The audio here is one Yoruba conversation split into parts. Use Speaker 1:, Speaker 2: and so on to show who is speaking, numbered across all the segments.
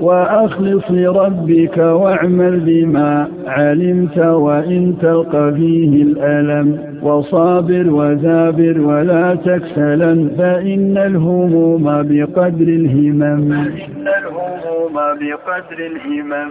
Speaker 1: وأخلص لربك واعمل بما علمت وإن تلقى فيه الألم وصابر وزابر ولا تكسلا فإن الهموم بقدر الهمم فإن الهموم بقدر الهمم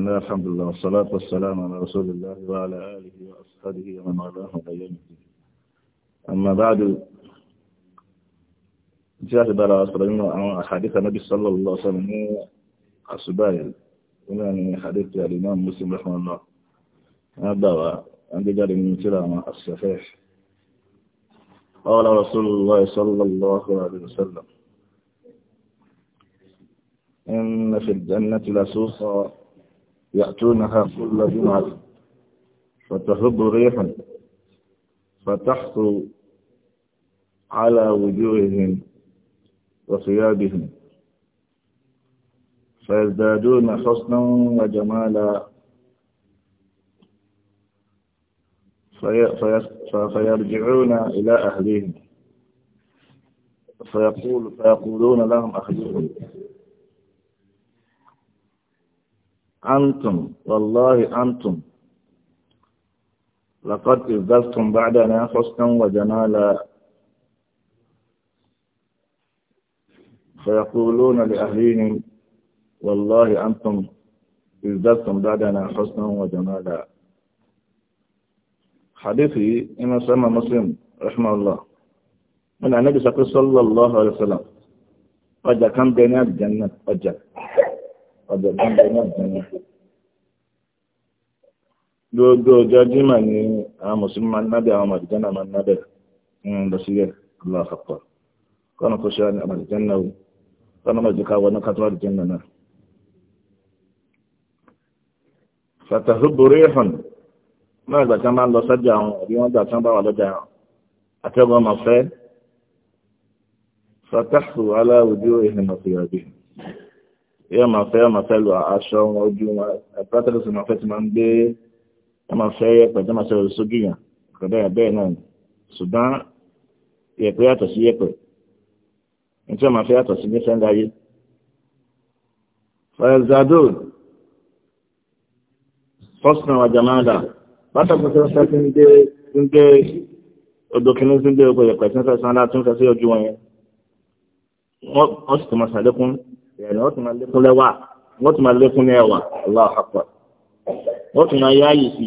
Speaker 2: الله الحمد لله والصلاة والسلام على رسول الله وعلى آله وأصحابه ومن والاه وبيان أما بعد جاء بلا أصدقائنا أحاديث النبي صلى الله عليه وسلم أصبايل يعني حديث الإمام مسلم رحمه الله هذا عندي جاري من كلام الصحيح قال رسول الله صلى الله عليه وسلم إن في الجنة لسوسا يأتونها كل جمعة فتهب ريحا فتحصو على وجوههم وثيابهم فيزدادون حسنا وجمالا فيرجعون إلى أهلهم فيقول فيقولون لهم أخذهم أنتم والله أنتم لقد إذلتم بعدنا حسنا وجمالا فيقولون لأهلهم والله أنتم إذلتم بعدنا حسنا وجمالا حديثي إما سمى مسلم رحمه الله من النبي صلى الله عليه وسلم قد kan bẹ ní àjẹ́nà ọ̀jọ̀gbọ́n bẹ náà bí wọn. gbogbo ọjọ́ jimá ni àwọn mùsùlùmí máa ń nábẹ́ àwọn màdìjá náà máa ń nábẹ́ hmm, lọ sílẹ̀ lọ́wọ́ àpapọ̀ kọ́nà kó ṣe àwọn màdìjá náà o kọ́nà màdìjá ká wọnú ká tó màdìjá náà fàtàhù borí hàn náà ìgbà tí wọ́n ń lọ sọ́jà àwọn yóò máa fẹ́ máa fẹ́ lu aṣọ wọn ojú wọn pátẹ́lẹ́sì máa fẹ́ ti máa ń gbé ẹ máa fẹ́ yẹpẹ̀ tó máa ṣe orí sójú yàn kọ̀dá yà bẹ́ẹ̀ náà ni ṣùgbọ́n yẹpẹ̀ yàtọ̀ sí yẹpẹ̀ nítorí wọn máa fẹ́ yàtọ̀ sí ní sẹ́ńdà ayé. fẹ́ẹ́zàdó fọ́sùnà wàjàmáàdà pátákó tó ń fẹ́ ti ń gbé ń gbé odò kìíní ti ń gbé oko yẹpẹ̀ tí ń fẹ́ ìyẹn wọ́n tún máa lékún lẹ́wà wọ́n tún máa lékún ní ẹwà Allahu Akbar wọ́n tún máa yáàyè sí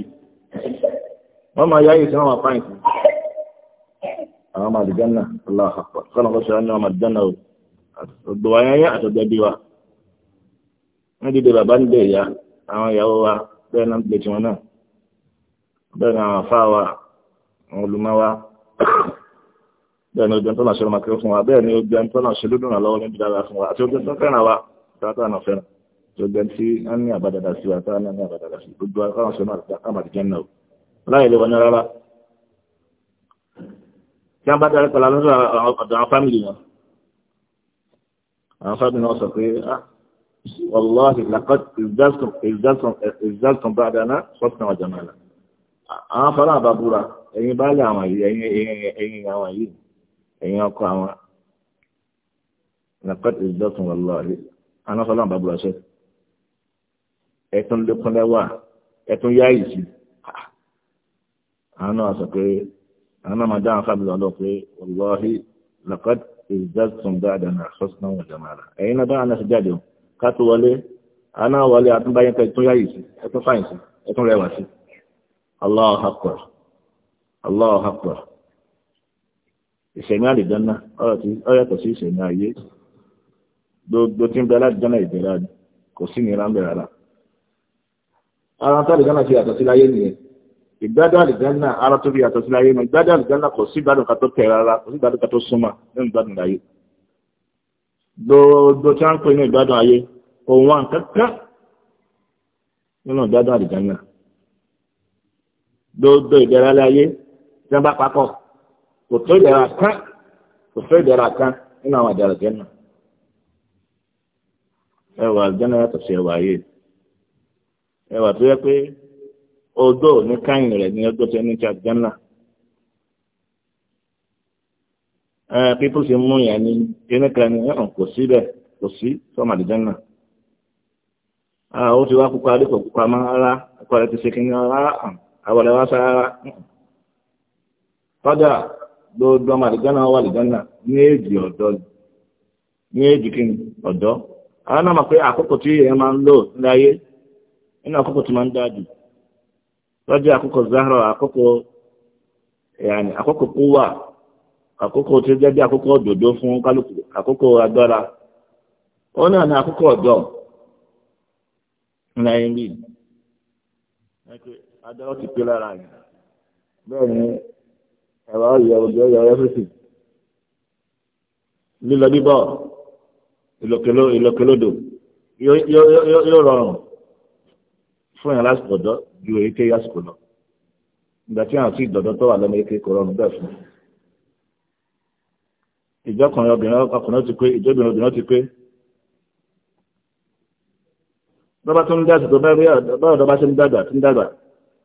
Speaker 2: wọ́n máa yáàyè sí wọ́n máa fáyìn sí àwọn ọmọ àdìjánná Allahu Akbar kó ṣe ní ọmọ àdìjánná o ọ̀dọ̀ wa yẹn àtọ̀jọ́ bí wa wọ́n dìde bàbá ń dé ìyá àwọn ìyàwó wa bẹ́ẹ̀ náà ń pè tiwọn náà bẹ́ẹ̀ náà àwọn àfáà àwọn olùmọ́ bẹ́ẹ̀ ni ogun tó náà ṣe ọmọ akẹ́kọ̀ọ́ fún wa bẹ́ẹ̀ ni ogun tó náà ṣe lódùn lọ́wọ́ níbi dára fún wa àti ogun tó fẹ́ràn wa tààtà náà fẹ́ràn ogun tí a ní àbádàdà sí wa tààtà ní àbádàdà sí gbogbo akáwọn ṣe máa kàmàdì jẹ́ náà láì lè wọnyẹ rárá tí a bá darí pẹ̀lú àwọn ọ̀dọ̀ àwọn fámìlì wọn àwọn fámìlì wọn sọ pé wàlláhi làkọ́ ìzásùn bá dáná sọ́sùn àwọn jàmàlà àwọn fọlá àbábúra ẹ̀yin bá lè àwọn yìí ẹ̀yin àwọn yìí ẹ̀yin ọkọ àwọn nàkọ́tì ìjọsìn wà lọ́ọ̀rí anáfọlọ́n bá búra ṣe ẹ̀tún lékún lẹ́wà ẹ̀tún yá ìsì àwọn náà sọ pé àwọn náà máa dá àwọn fábìlì ọlọ́ pé wọ́lọ́ọ̀rí nàkọ́tì ìjọsìn dáadáa náà sọ́sìn àwọn ìjọba rà ẹ̀yin náà bá àwọn ẹ̀sìn jáde o ká wọlé àwọn wọlé àtúnbáyé ìṣẹ̀mí àlìjọ́nà ọ̀yàtọ̀ sí ìṣẹ̀mí ayé gbogbo tí ń bẹ alájọ́nà ìbẹ̀rẹ̀ àdì kò sí nira ń bẹ̀rẹ̀ rà ara tó àlìjọ́nà fi yàtọ̀ sí láyé nìyẹn ìgbádùn àlìjọ́nà ara tó fi yàtọ̀ sí láyé nìyẹn ìgbádùn àlìjọ́nà kò sí ìgbádùn kan tó tẹ̀ rárá kò sí ìgbádùn kan tó súnmọ́ nínú ìgbádùn láyé gbogbo tí wọ́n ń pè ní ìgbádùn ayé òun wà kankan nínú ìgbádùn àlìjọ́nà gbogbo ìbẹ̀rẹ̀ ayé tí wọ́n bá papọ̀ kò tó ìdára kan kò tó ìdára kan nínú àwọn ẹwà àlùjánnà yàtọ̀ sí ẹwà ayé ẹwà tó yẹ pé odó ní káyìn rẹ̀ ní ọjọ́ tó ní ti àlùjánnà pípọ̀ sì mú yẹn ní kíní kan ní ẹ̀hàn kò sí bẹ́ẹ̀ kò sí sọ́mọ àlùjánnà ó ti wá kúkú adékòó kúkú àmọ́ rárá ẹ̀kọ́ rẹ̀ ti ṣe kíní rárá àwọn ọ̀rẹ́ sára gbogbo ọmọ àdìgánná wà àdìgánná ní èjì ọ̀dọ́ ní èjì kí ni ọ̀dọ́ àwọn náà mọ̀ pé àkókò tí èèyàn máa ń lò láyé nínú àkókò tí máa ń dájú lọ́jọ́ àkókò zahra àkókò yàní àkókò kúwà àkókò tí jẹ́ bí fún kálukú àkókò agbára ó náà ní àkókò ọ̀dọ́ ẹ̀rọ ayọ̀ ọ̀dọ́ ẹ̀rọ everything lílọ bíbọ̀ ìlọkèlódò yóò rọrùn fún yàrá àsìkò ọ̀dọ́ ju èyíkéyìí àsìkò lọ ìgbà tí àwọn tí ìdọ̀dọ̀ tó wà lọ́mọ èké kò rọrùn bẹ́ẹ̀ fún ìjọkùnrin obìnrin ọkùnrin ti pé ìjọbìnrin obìnrin ti pé bọ́bá tó ń dá àsìkò bẹ́ẹ̀ bí ọ̀dọ́ bá ṣe ń dàgbà tó ń dàgbà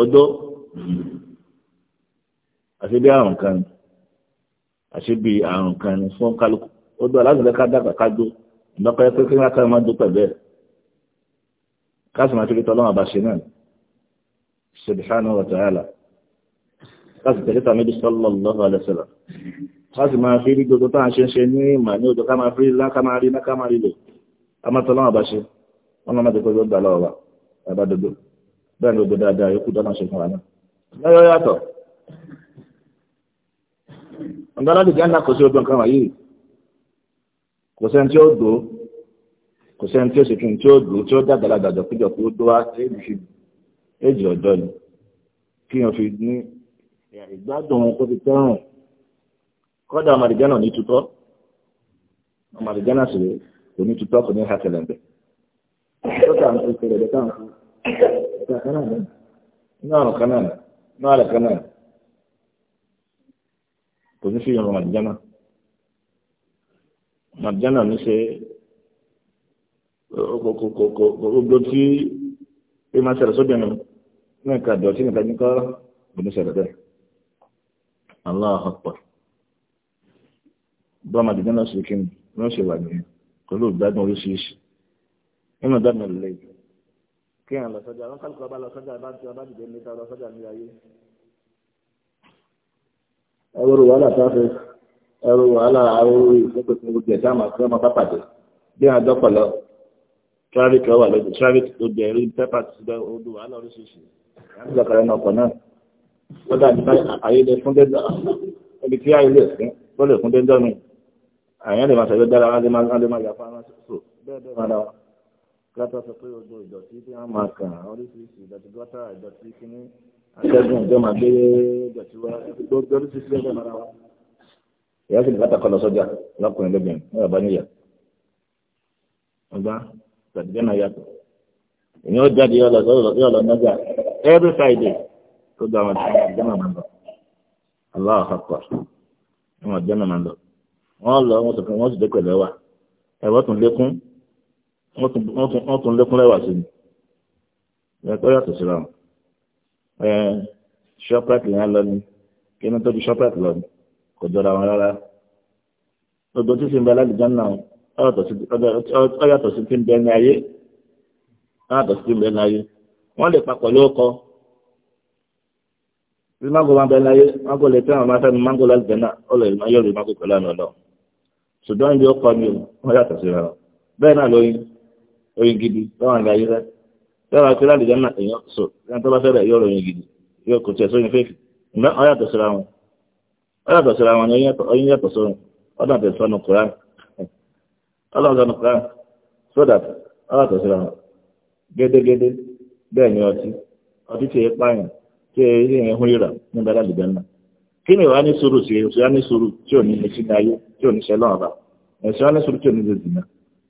Speaker 2: ọjọ́ àṣẹ bí àrùn kan ni àṣẹ bí àrùn kan ni fún kálukú ọdún aláàbẹ̀lẹ̀ ká dàgbà kájó ìdọ́kọ̀ ẹgbẹ́ kí wọ́n máa dún pẹ̀lú ẹ̀ káàsì máa tẹ̀lé tọ́lọ́mà bá ṣe náà subhanahu wa ta'ala káàsì tẹ̀lé tàmídì sallallahu alaihi wasallam káàsì máa fi rí gbogbo táà ṣe ń ṣe ní ìmà ní odò ká máa fi rí lá máa rí ná máa rí lò ká máa tọ́lọ́mà bá ṣe wọ́n máa tẹ̀lé tọ́lọ́mà bá ṣe bẹ́ẹ̀ ló gbé dáadáa yókù dáná ṣe fúnra náà lọ́yọ́ yàtọ̀ ọ̀gá láti gánà kò sí ọdún kan wáyé kò sẹ́ni tí ó dò kò sẹ́ni tí ó sì kìí tí ó dò tí ó dàgbàlagbà jọ̀kújọ̀ kó dó wá èjì fi èjì ọ̀dọ́ ni kí wọ́n fi ní ìgbádùn kó fi tẹ́rùn kọ́dà ọmọdé gánà ní tutọ́ ọmọdé sì kò ní tutọ́ kò ní hakẹlẹ̀ bẹ́ẹ̀ tó kà ń fi kẹlẹ̀ bẹ́ẹ̀ kanan náà rọ̀ kanan náà rẹ̀ kanan kò ní sí ìrọ̀ màdìjánà màdìjánà ní ṣe gbogbo tí ó máa ṣẹlẹ̀ sóbìnrin náà ká dọ̀tí nìkan ní kọ́rọ́ kò ní ṣẹlẹ̀ bẹ́ẹ̀ Allah akbar bá màdìjánà sí kí ni wọ́n ṣe wà nìyẹn pẹ̀lú ìgbádùn oríṣiríṣi nínú ìgbádùn ìlẹ́yìn kéèyàn lọ sọ́jà wọn kálukú ọba lọ sọ́jà bá ti ọba dìde níta lọ sọ́jà nílé ayé. ẹwúrò wàhálà táfẹ ẹwúrò wàhálà àwòrò ìfẹ́pẹ́ fún gbogbo ẹ̀sán àmọ́ fún ọmọ pápádé bí wọn dọ́pọ̀ lọ traffic ọwà lójú traffic tó jẹ rí pépà ti bẹ odò wàhálà oríṣiríṣi láti lọkọrẹ náà ọkọ̀ náà ó dàbí ayélujára fún dẹ́dọ̀ ibi tí ayélujára fún ó lè fún dẹ́dọ̀ mi àyàn lè máa kátó sọ pé gbogbo ìdọ̀tí tí wọ́n máa kàn oríṣiríṣi ìdọ̀tí gọ́tà ìdọ̀tí kínní ìjọ máa gbé ìdọ̀tí oríṣiríṣi mara ìyá sì lọ sọ́jà lọ́kùnrin lóbìnrin ní bàbá níyà. ọgbà náà yàtọ̀. ó jáde yọ lọ yọ lọ Friday tó gba àwọn ìjọ máa lọ. àwọn ìjọ máa lọ. lọ sì dé pẹ̀lú ẹwà wọ́n tún lékún lẹ́wà sí ni ẹ̀kọ́ yàtọ̀ síra wọn ẹ̀ yẹn lọ ni kí ni tó di ṣọ́pẹ́tì lọ ni kò jọra wọn rárá gbogbo tí sì ń bẹ aládìjọ́ náà ó yàtọ̀ sí ti ń bẹ ní ayé ó yàtọ̀ sí ti ń bẹ ní ayé wọ́n lè papọ̀ lóko bí mango máa bẹ ní ayé mango lè tẹ́ àwọn máa fẹ́ mi mango láti náà ó lè yọrí mango pẹ̀lú àná lọ ṣùgbọ́n ibi ó kọ́ mi ó yàtọ̀ síra wọn bẹ́ẹ̀ náà lóyún. oyin gidi lọ́wọ́ àgbà yìí rẹ̀ lọ́wọ́ àti láti jẹ́ náà èèyàn sọ ní bá fẹ́rẹ̀ yóò ròyìn gidi yóò kò ya sóyin fèèfì ìmọ̀ ọ̀yàtọ̀ síra wọn ọ̀yàtọ̀ síra wọn ni oyin yàtọ̀ sóyin tẹ̀ ọlọ́run so that ọ̀yàtọ̀ síra wọn gédégédé bẹ́ẹ̀ ni ọtí ọtí pààyàn tí ìrà nígbà láti jẹ́ náà kí ni ìwà ní sùúrù sí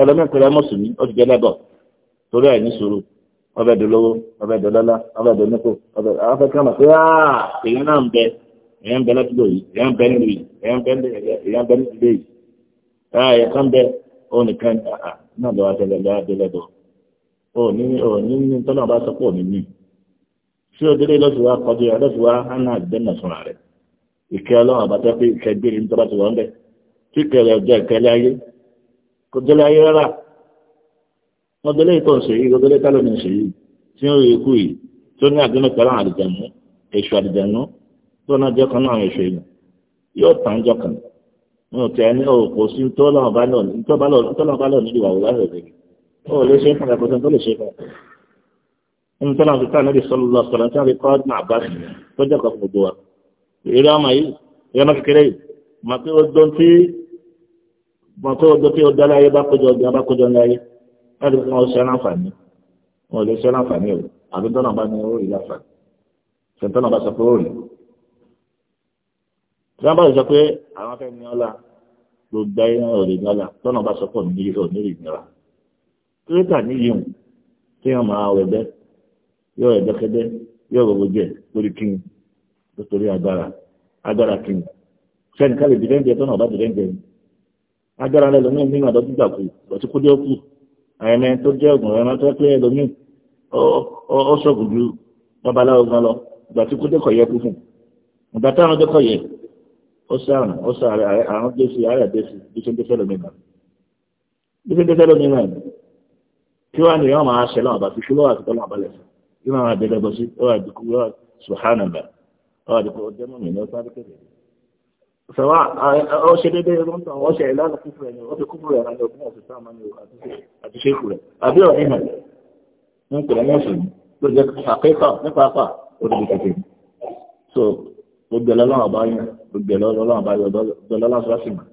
Speaker 2: ẹlòmíì pẹ̀lú mùsùlùmí o ti jẹ́ lẹ́bọ̀ torí ẹ̀ ní ọbẹ̀ dolówó ọbẹ̀ dọlọ́lá ọbẹ̀ donípò ọbẹ̀ afẹ́kànmọ̀ pé ah, èèyàn náà ń bẹ èèyàn ń bẹ lọ́tìlò yìí èèyàn ń bẹ nílùú yìí èèyàn ń bẹ nílùú yìí ah, bẹ ẹ̀yà kan bẹ ah, onìkan náà lọ́wọ́ lọ́wọ́ bọ̀ ọ ní tọ́lá bá sọ pé délé kọjú kò délé ayé rárá wọn délé ìtọ̀ ń ṣe yìí kò délé tálẹ̀ ń ṣe yìí tí ó rí ikú yìí tó ní àdínú pẹ̀lú àwọn àdìjẹ̀nú èṣù àdìjẹ̀nú tó náà jẹ́ kan náà èṣù yìí yóò tàn jọ kàn ní òtí ẹni ò kò sí tó lọ́wọ́ bá lọ tó lọ́wọ́ bá lọ nídìí wà wúlá rẹ̀ rẹ̀ ó lè ṣe fún ẹ̀kọ́ tó lè ṣe fún ẹ̀. ń tọ́lá fi tá níbi sọ́lọ́ lọ sọ̀rọ̀ tí a fi kọ́ ọ́dún àbá tó jẹ́ bọ̀ tó ọjọ́ tí ọjọ́ láyé bá kọjọ ọjọ́ bá kọjọ láyé láti fún ọṣẹ láǹfààní wọn ò lè ṣe láǹfààní o àbí tọ́nà bá ní orí láǹfààní ṣe tọ́nà bá sọ pé orí. tí wọ́n bá sọ pé àwọn afẹ́ ní ọlá gbogbo ayé náà òrì ní ọlá tọ́nà bá sọ pé òní òní ìnira. kíríkà níyì hùn tí wọ́n máa wẹ̀ bẹ́ yóò rẹ̀ dẹ́kẹ́dẹ́ yóò gbogbo jẹ́ lórí kí nítorí agbára agbára kí sẹ́ni ká lè dìbẹ́ǹdì agbára rẹ lómi ní ìrìnàdọ́ gbígbà kù lọ́tí kó dé kù àyẹ̀mẹ tó jẹ́ ògùn ẹ̀rọ tó pé lómi ó ṣọ̀gù ju babaláwo gan lọ ìgbà tí kó dé kọ̀ yẹ kú fún ìgbà tí àwọn dé kọ̀ yẹ ó sàrùn ó sàrẹ̀ àrùn dé sí àrẹ̀ dé sí bí ṣe ń dé fẹ́ náà bí ṣe ń dé fẹ́ náà kí wàá nìyẹn wọn máa ṣe lọ́wọ́ àbàtì kí lọ́wọ́ àtìkọ́ lọ́wọ́ àbálẹ̀ sí ìmọ̀ àdẹ́gbẹ̀gbọ̀ sí ó wà dìkú ó wà subhanallah ó wà dìkú ó jẹ́ mọ́mí ní ó sọ̀rọ̀ ọ̀ṣẹ́ dédé ẹgbọ́n tán wọ́n ṣe ìlànà kúfù rẹ̀ ni wọ́n fi kúfù rẹ̀ rẹ̀ ọdún ọ̀sẹ̀ sáà máa ní àtúnṣe ìkù rẹ̀ àbí ọ̀rẹ́ ìmọ̀ ń pè wọ́n sùn ló jẹ́ àkẹ́kọ̀ọ́ nípa apá òdìbò kẹfẹ́ so gbogbo ẹlọ́lọ́run àbáyọ gbogbo ẹlọ́lọ́run àbáyọ dọ́lọ́lá sọ́ọ́sì mà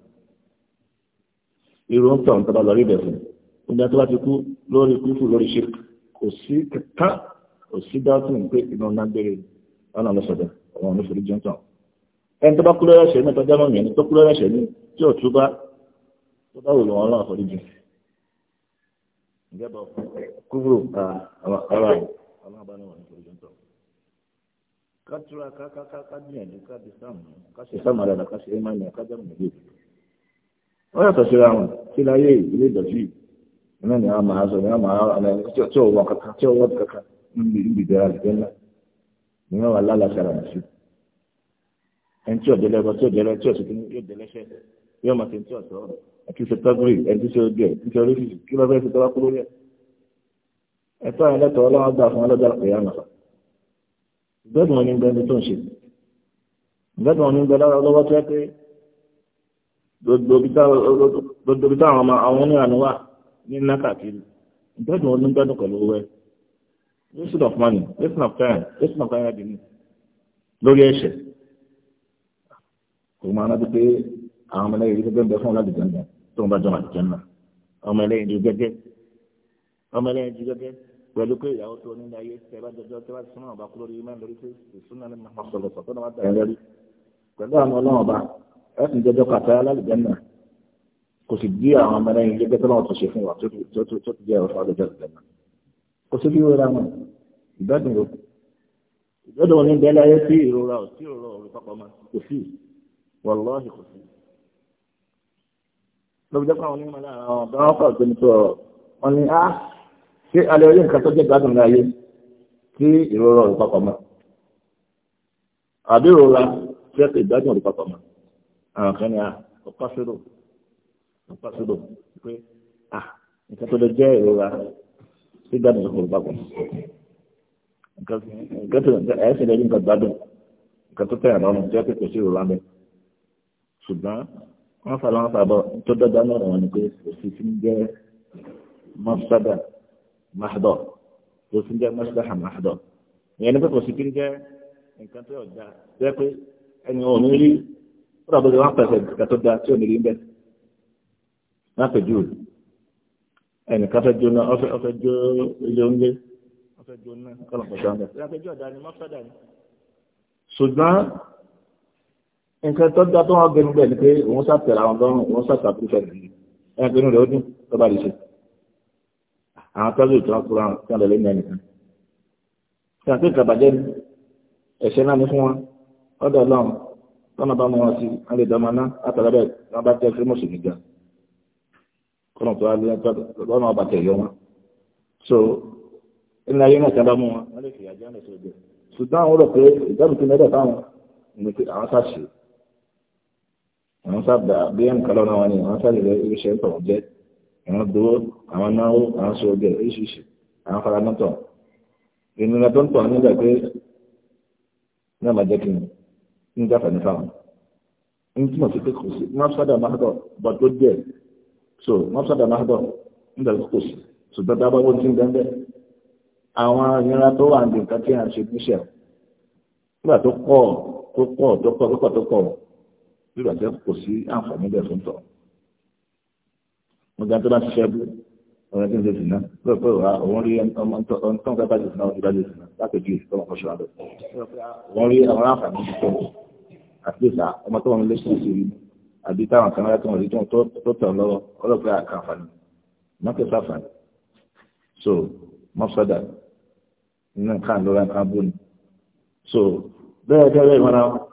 Speaker 2: irú ń tàn tọ́ba lọ rí bẹ̀fẹ̀ oúnjẹ tó bá ti kú lórí kúfù lórí ṣe kò sí kẹta kò sí dátùn pé ìnáwó náà gbére ọ̀nà lọ́sọ̀dọ̀ ọ̀nà lọ́sọ̀dọ̀ jẹ́ ń tàn ẹni tó bá kú lọ́rọ̀ ṣẹ̀mí tọ́jọ́ mọ́ mìíràn tó kú lọ́rọ̀ ṣẹ̀mí tí ò tú bá tó bá wò lọ́wọ́ ọlọ́run fọ́rí jù. ìjọba kúrò ara ọlọ́run katura kakakaka gbìyànjú kábi sáàmù kásì sáàmù àdàdà kásì ẹ̀ máa ní akájàmù nílé wọ́n yàtọ̀ síra wọn síra yé ilé ìdọ̀tí náà ni a máa sọ ni a máa ọ̀nà tí ọwọ́ kankan tí ọwọ́ kankan níbi ìdẹ̀ra ìdẹ́nà ni wọ́n wà lálàsára sí ẹni tí ọ̀dẹ́lẹ̀ ẹ̀rọ tí ọ̀dẹ́lẹ̀ tí ọ̀sẹ̀ kìíní yóò dẹ́lẹ̀ ṣẹ́ yóò máa ṣe ní tí ọ̀sẹ̀ ọ̀rọ̀ àti ṣe tọ́gùrì ẹni tí ṣe ojú ẹ̀ ní ṣe oríṣiríṣi kí lọ́fẹ́ ṣe tọ́wá kúrò yẹ. ẹ̀tọ́ àwọn ẹlẹ́tọ̀ ọlọ́wọ́ gbà fún ọlọ́jà pé yà nàfà. ìgbẹ́dùn wọn ni gbẹ́ ní tó ń ṣe. ìgbẹ́dùn wọn ni gbẹ́ lára lọ́wọ́ tó yẹ pé gbogbo bí táwọn ọmọ àwọn oníranú wà ní nákàkiri ìgbẹ́dùn wọn ni gbẹ́dùn pẹ̀lú owó ẹ̀. waste of money waste of time waste of time lórí ẹ̀ṣẹ̀ kò máa rántí pé àwọn ọmọ ẹlẹ́yìn gẹ́gẹ́ ń bẹ fún wọn láti jẹun náà tó ń bá jọ àti jẹun náà ọmọ ẹlẹ́yìn ju gẹ́gẹ́ ọmọ ẹlẹ́yìn ju gẹ́gẹ́ pẹ̀lú pé ìyàwó tó ní ayé tẹ bá jọjọ tẹ bá ti súnmọ́ ọba kúrò yìí máa ń lórí pé ìsúná ní máa sọ̀rọ̀ sọ̀tọ́ náà wá tẹ̀lé lórí pẹ̀lú àwọn ọlọ́run ọba ẹ sì jọjọ kàtà lálùjẹ náà kò sì bí àwọn ọmọ ẹlẹ́yìn gẹ́gẹ́ tó náà tó ṣe fún wa tó ti jẹ́ ọ̀fọ̀ àjọjọ ìjọ náà kò sí bí wọ́n ra wọn ìgbádùn ìgbádùn òní bẹ́ẹ̀ láyé sí ìrora ò sí ìrora òrùpapọ̀ wàlọ́ọ̀hì kò sí. lóbi jẹ́ pé àwọn onímọ̀ náà àwọn ọ̀dọ́ wọn pàṣẹ ní sọ̀rọ̀ wọn ni á ṣé alẹ́ orí nǹkan tó jẹ́ gbádùn láyé kí ìrora òrùn papọ̀ mọ́ àbí ìrora jẹ́ pé ìgbádùn òrùn papọ̀ mọ́ àwọn kan ní à ọ̀pá sódò ọ̀pá sódò pé à ah, nǹkan tó lè jẹ́ ìrora sí gbádùn òrùn papọ̀ nǹkan tó ẹ̀ẹ́sìn lè rí nǹkan gbádùn nǹkan tó tẹ̀yàn ṣùgbọ́n wọ́n fà láwọn fàbọ̀ tó dọ́gba lọ́rọ̀ wọn ni pé òsì ti ń jẹ́ mọ́sádà máhdọ̀ tó ti ń jẹ́ mọ́sádà máhdọ̀ ìyẹn ni pé òsì ti ń jẹ́ nǹkan tó ọ̀dà jẹ́ pé ẹni ò ní rí kódà bó ṣe wá pẹ̀sẹ̀ nǹkan tó da tí ò rí ń bẹ̀. má pè jù ẹnìkan fẹ́ jóná ọfẹ́ jó ilé oúnjẹ ọfẹ́ jóná kọ́lọ̀ pọ̀ nǹkan tó dá tó wọn gbẹnu bẹ́ẹ̀ ni pé òun ṣàtẹ̀lé àwọn tó òun ṣàtàkùn fẹ́ nìyí ẹ̀ pinnu rẹ̀ ó dùn tó bá lè ṣe àwọn tọ́jú ìtura kura tí wọ́n lọ lé ní ẹnìkan tí wọ́n pè kàbàjẹ́ ni ẹ̀ṣẹ̀ náà ní fún wọn ọ̀dọ̀ ọlọ́run tọ́nà bá mọ wọn sí wọn lè dọ́mọ ná látara bẹ́ẹ̀ wọn bá tẹ́ fún mùsùlùmí gan kọ́nà tó wá lé lọ́nà ọba tẹ̀ yọ wọn so ilé ayé náà àwọn sábà bí ẹnìkan lọ́nà wọn ni àwọn sábà lè iṣẹ́ ń tọ̀wọ̀ jẹ́ àwọn dúró àwọn náwó àwọn sọ ọdẹ oríṣiríṣi àwọn faranátọ̀ ìnira tó ń tọ̀ nígbà pé náà máa jẹ́ kí n ní jáfà ní fáwọn ní tí mo pé kò sí mọ́sádà máhàdọ̀ bọ́ tó díẹ̀ so mọ́sádà máhàdọ̀ nígbà tó kò sí ṣùgbọ́n tá a bá wọ́n ti ń gbẹ́ńbẹ́ àwọn ìnira tó wà ní nǹkan tí a ṣe níṣẹ́ nígbà tó pọ̀ tó pọ̀ tó pọ̀ tó pọ̀ bí bàtẹ́ kò sí àǹfààní bẹ́ẹ̀ fún tọ̀. wọ́n gbà tó bá ṣiṣẹ́ bú ọ̀rẹ́ tí ń ṣe sì náà lọ́ọ̀ pé wà òun rí ọmọ tó ń kápá ṣe sì náà ó ti bá ṣe sì náà lápẹ̀jú ìṣọ́mọ kọ́ṣọ́ abẹ́. wọ́n rí àwọn àǹfààní ti tọ̀ àti ìsà ọmọ tó wọn lé sí ìṣèlú àbí táwọn kan lára tó wọn rí tó tọ̀ lọ́wọ́ ọlọ́pẹ́ àkàǹfààní mọ́tò sáfàní. so mọ́sọ́dà nínú nǹkan lọ́ra nǹkan bú ni. so bẹ́ẹ̀ bẹ́ẹ̀ bẹ́ẹ̀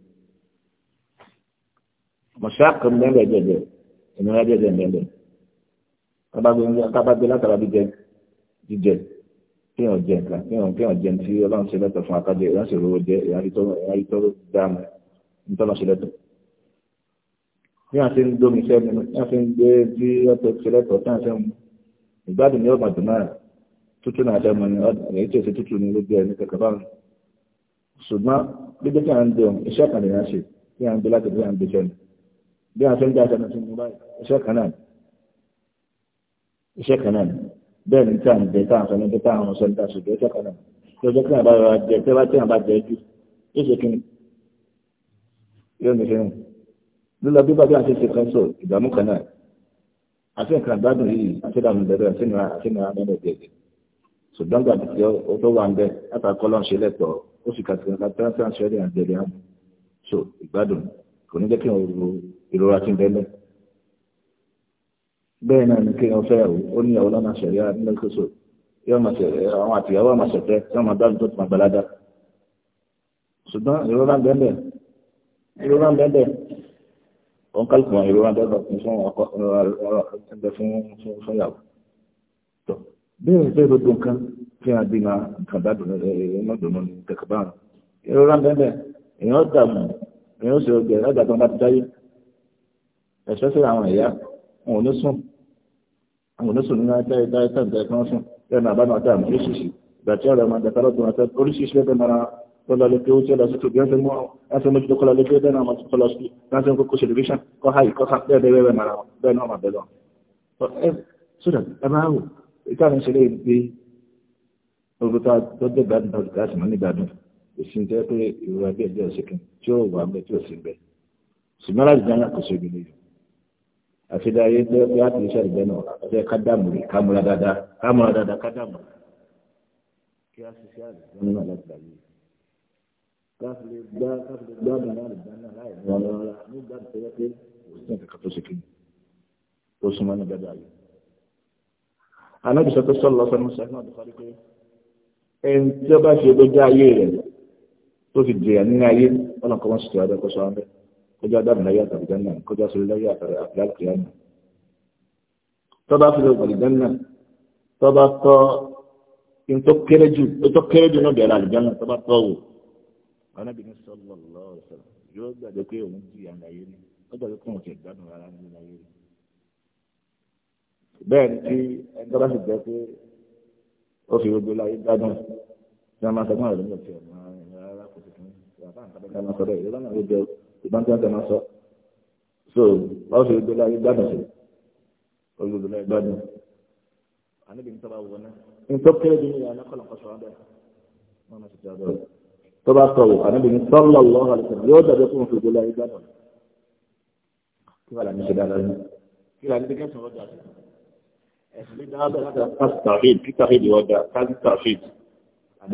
Speaker 2: mọ̀ṣáàkì ń bẹ́ẹ̀ jẹ̀jẹ̀ ìnira jẹ̀jẹ̀ ń bẹ́ẹ̀ kábàgbé látara jíjẹ jíjẹ kéèyàn jẹ nǹkan kéèyàn kéèyàn jẹ tí ọlọ́run ṣe lẹ́tọ̀ fún akájẹ ìyá sì rówó jẹ ìyá rí tọ́rọ dáàmú nítọ́nà ṣe lẹ́tọ̀ bí wọ́n ṣe ń dómi sẹ́nu bí wọ́n ṣe ń gbé tí ọ̀tọ̀ ṣe lẹ́tọ̀ tí wọ́n ṣe ń mú ìgbádùn ní ọ̀gbọ̀n tó náà tútù náà dẹ́mu ni èyí tí èsì tútù ní lójú ẹni kẹkẹ bá mi ṣùgbọ́n gbígbé tí à ń dùn iṣẹ́ kan lè yàn ṣe tí à ń gbé láti bí à ń gbé sẹ́nu bí a ṣe ń jáde lọ́sí ní báyìí iṣẹ́ kan náà iṣẹ́ kan náà bẹ́ẹ̀ ni táà ń jẹ táà ń sọ ní bí táà ń sọ ní dáṣọ jẹ́ iṣẹ́ kan náà tí ọjọ́ kí yọra jẹ tẹ́lá tí àbá jẹ jù yóò ṣe kíni yóò ní fẹ́ràn lílọ bí bàbá àti ṣe kan sọ ìdààmú kan náà àti nǹkan àgbádùn yìí àti ìdààmú bẹ̀rẹ̀ àti ìnira àti ìnira mẹ́rin ìdẹ̀ẹ̀dẹ̀ ṣùgbọ́n gbàgbé tí ó tó wà ń bẹ́ látàkọ́ lọ́n ṣe lẹ́tọ̀ọ́ ó sì kàtìkàtà tí wọ́n ṣe rí àjẹrẹ́ àmì so ìgbádùn kò ní jẹ́ kí wọ́n ro ìrora tí ń bẹ́lẹ̀ bẹ́ẹ̀ náà ni kí wọ́n fẹ́ ó ní ìyàwó lọ́nà ṣẹ̀ríà nílẹ̀ kóso àwọn àtìyàwó àmàṣẹ̀tẹ́ tí wọ́n máa dá lójú tó máa gbalada ṣùgbọ́n ìrora ń bẹ́ẹ̀ ìrora ń bẹ́ẹ̀ wọn kálukú wọn ìrora ń bẹ́ẹ̀ fún ọkọ ẹgbẹ́ fún fún ìyàwó tó bẹ́ẹ̀ bẹ́ẹ̀ gbogbo nǹkan kí wọ́n bí ma nǹkan bá dùn ní ọdún ní kẹ̀kẹ́ báwọn ìrora ń bẹ́ẹ̀ èèyàn ó ṣe ọgbẹ ọgbà tó ń bá ti dáyé ẹ̀ṣọ́ sí àwọn ẹ̀yà wọn ò ní sùn àwọn oníṣòwò ní ẹgbẹ́ ẹgbẹ́ ẹgbẹ́ ẹgbẹ́ ẹgbẹ́ sùn lẹ́nu àbámu àti àmì oríṣiríṣi ìgbà tí ọ̀rọ̀ ọmọdé tọ́lọ́dún àti oríṣiríṣi ẹgbẹ́ mara tọ́lọ́ lè pé ó tí ó lọ sí tòbí ẹgbẹ́ mọ́ ẹgbẹ́ méjì tó kọ́lọ́ lé pé bẹ́ẹ̀ náà mọ́tò kọ́lọ́ sí láti ń kókó ṣèlúfíṣàn kọ́ háì kọ́ sáà bẹ́ẹ̀ bẹ́ẹ̀ mara bẹ́ẹ̀ náà màbẹ́ lọ. Eh, sódà ẹ máa wò ìtàn ìṣẹ̀lẹ̀ ìgbé orúkọ tó dé gbádùn òsín tẹ́ pé ìrora bí ẹ̀jẹ̀ ọ̀sẹ̀kìn tí ó wà mẹ́ tí ó sì bẹ̀. ṣùgbọ́n láti dáná kò sóbi ní yìí. àfihàn ayé tẹ́ pé láti iṣẹ́ ìgbẹ́ náà ọ̀sẹ̀ kádàmù rẹ̀ kámúra dáadáa kámúra dáadáa kádàmù rẹ̀. kí a ṣiṣẹ́ àdìgbọ́n náà láti gbà yìí. káfílẹ̀ gbá káfílẹ̀ gbá bàbá àdìgbọ́n náà láì ní ọlọ́lá nígbà tó yẹ pé òsín kankan tó ṣe kíni tó súnmọ́ ní gbàdá yìí. anábìsọ tó sọ lọ sọ ẹni tí ó bá ṣe lójú ayé rẹ̀ tó fi jẹyà nínú ayé wọn kọ́ wọn sì tẹ̀wá dẹ́kọ́ sọ́wọ́n bẹ́ẹ̀ kọjá dáàbò láyé àtàrí dáná kọjá sórí láyé àtàrí àfúláàkì yánà tọ́ba fi lọ gbọ̀lì dáná tọ́ba tọ́ kí n tó kéré jù ó tó kéré jù náà bẹ̀rẹ̀ àlùjáná tọ́ba tọ́ wò anábìrin sọ́lọ̀ lọ́wọ́ sọ̀rọ̀ yóò gbàgbé pé òun jìyà láyé ni ó gbàgbé pé òun ti gbádùn ara ní láyé ni bẹ́ẹ̀ ni tí ẹgbẹ́ bá sì pé ó fi gbogbo láyé gbádùn tí wọ́n máa bàbá nǹkan bẹ́ẹ̀ máa sọ bẹ́ẹ̀ ìrọ́lá náà ló jẹ ìbọn tí wọ́n so báwo ṣe gbé láyé gbádùn sí olùdó láyé gbádùn àníbi nítorí àwọn náà nítorí kéré bí nìyà náà kọ́lọ̀ kọ́sọ̀ ọ̀dẹ́ wọn máa ṣe jẹ́ ọ̀dọ́ rẹ̀ tó bá sọ̀rọ̀ àníbi ní sọ́lọ̀ lọ́wọ́ àlùfẹ́ yóò dàbí fún òṣèlú láyé gbádùn kí wàá ní ṣe dáadáa ní kí wàá ní bí kẹ́sàn-án ọjà sí ẹ̀sìn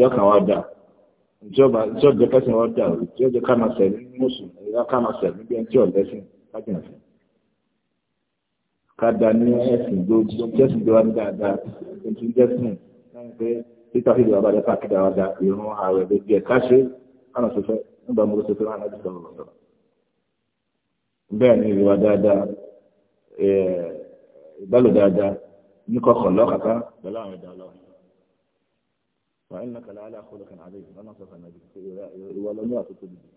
Speaker 2: lé dáadáa láti ìjọba ìjọba pẹ́sìn wọn dà ó ìjọba ká máa sẹ̀mí mùsùlùmí ìyá ká máa sẹ̀mí bí ẹni tí ọ̀lẹ́ sìn kájìnà sí. ká ní ẹ̀sìn gbòógì jẹ́sìn gbòógì ní dáadáa tuntun jẹ́sìn lẹ́yìn pé títà fìdí wa balẹ̀ káàkiri àwọn da ìrún ààrẹ gbogbo ẹ̀ káṣe kánà sọfẹ́ nígbà mọ́ sọfẹ́ wọn láti sọ̀rọ̀ lọ́sọ̀. bẹ́ẹ̀ ni ìwà dáadáa ìbálò dáadáa ní àwọn وإنك لعلى خلق عظيم أنا صلى النبي ولا نعطي تبدي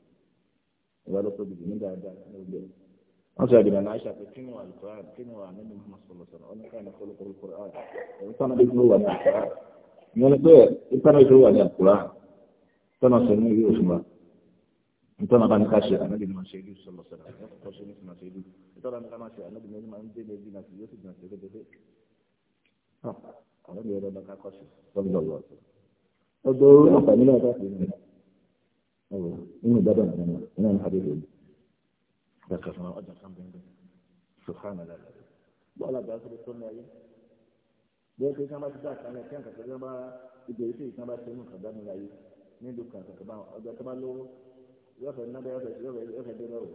Speaker 2: ولا تبدي من ده ده أرجع إلى عائشة القرآن والقرآن كن النبي محمد صلى الله عليه وسلم أنا كان خلقه القرآن وكان بيقولوا عن القرآن من الدور كان بيقولوا عن القرآن كان سنوي يسمع كان بان كاشي أنا بن مسعود صلى الله عليه وسلم كاشي بن مسعود ترى أنا ما شاء أنا بن ما أنت بن مسعود بن مسعود بن مسعود أنا بيقولوا لك كاشي صلى الله عليه وسلم ọgbọ àǹfààní náà bá fi ní ọwọ́ nínú ìdábà nìkan náà nínú àwọn àdéhùn yìí. Dàkà fún ọjà kan bẹ́ẹ̀ bẹ́ẹ̀ sùkánà lálẹ́. Bọ́ọ̀lù àgbà sọ̀rọ̀ tó ní ayé. Bẹ́ẹ̀ pé sábà ti dá àkàlẹ̀ kí àkàtà sábà ìbẹ̀rẹ̀ sí ìsábà ṣe mú kàdá ní ayé nílùú kan kàkà bá ọjà tó bá lówó yọ̀fẹ̀ náà yọ̀fẹ̀ dé lọ́wọ́.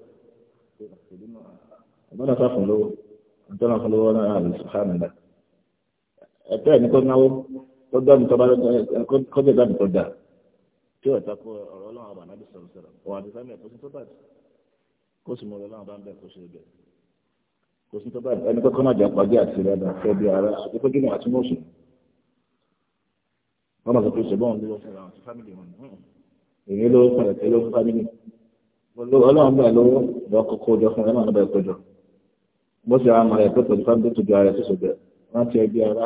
Speaker 2: Ọ̀gbọ́n náà sáfún lówó. Ọ̀gbọ́n náà fún lówó náà kọjá mi tọba kọjá ìgbà mi tọjá tí ọ̀tá kọ ọ̀rọ̀ ọlọ́run àbànà bí sọ̀rọ̀ sọ̀rọ̀ ọ̀hún àti sámi ẹ̀kọ́ sí tó bàjẹ́ kó sì mú ọlọ́run bá ń bẹ̀ kó ṣe bẹ̀ kó sì tó bàjẹ́ ẹni kọ́kọ́ máa jẹ́ pàdé àti rẹ̀ dà fẹ́ bí ara àti pé gíní àti mọ́ọ̀sùn wọ́n máa sọ pé ṣe bọ́ọ̀n lówó fúnra àti fámìlì wọn hmm. èyí ló pẹ̀lẹ̀ tẹ́ ló fámìlì
Speaker 1: ọlọ́run bẹ̀ ló
Speaker 2: lọ kókó jọ fún ẹ̀rọ àná bẹ̀ kó jọ bó ṣe àwọn ọmọ rẹ̀ pé pẹ̀lú fámìlì tó jọ ara ẹ̀ tó bẹ̀ wọ́n ti ẹbí ara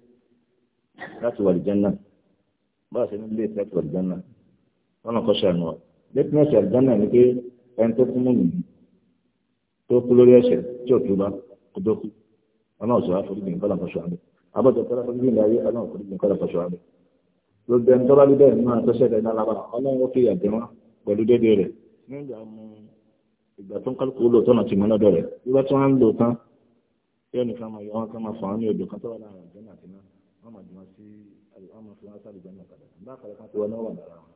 Speaker 2: láti wà lìjánná bá a ṣe ní ilé ìfẹ́ wà lìjánná wọn náà kọ́ ṣàánú wa lẹ́tínẹ̀sì àlìjánná ni pé ẹni tó kú mú mi tó kú lórí ẹ̀ṣẹ̀ tí ò tó bá kó tó kú wọn náà sọ àforíjì nǹkan làkọ́ṣọ àmì abọ́jọ tọ́lá fún gbìyànjú ayé ọlọ́run àforíjì nǹkan làkọ́ṣọ àmì gbogbo ẹni tọ́lá bí bẹ́ẹ̀ náà tó ṣẹlẹ̀ náà lára ọlọ́run ó fi àjẹ wọn pẹ̀lú dédé rẹ̀ nígbà mú ìgbà tó ń kálukú lò tọ́nà tì mọ́ lọ́dọ̀ rẹ̀ bí wọ́n tún wá ń lò tán yóò nìkan máa yọ wọn kán máa fọ̀ wọn ní odò kan tó wà láàrin àjẹ́ náà wọn máa jùmọ̀ sí àwọn ọmọ fúnra sáré gbẹ́nà padà nígbà àpẹẹrẹ kan ti wọ náà wà lára wọn.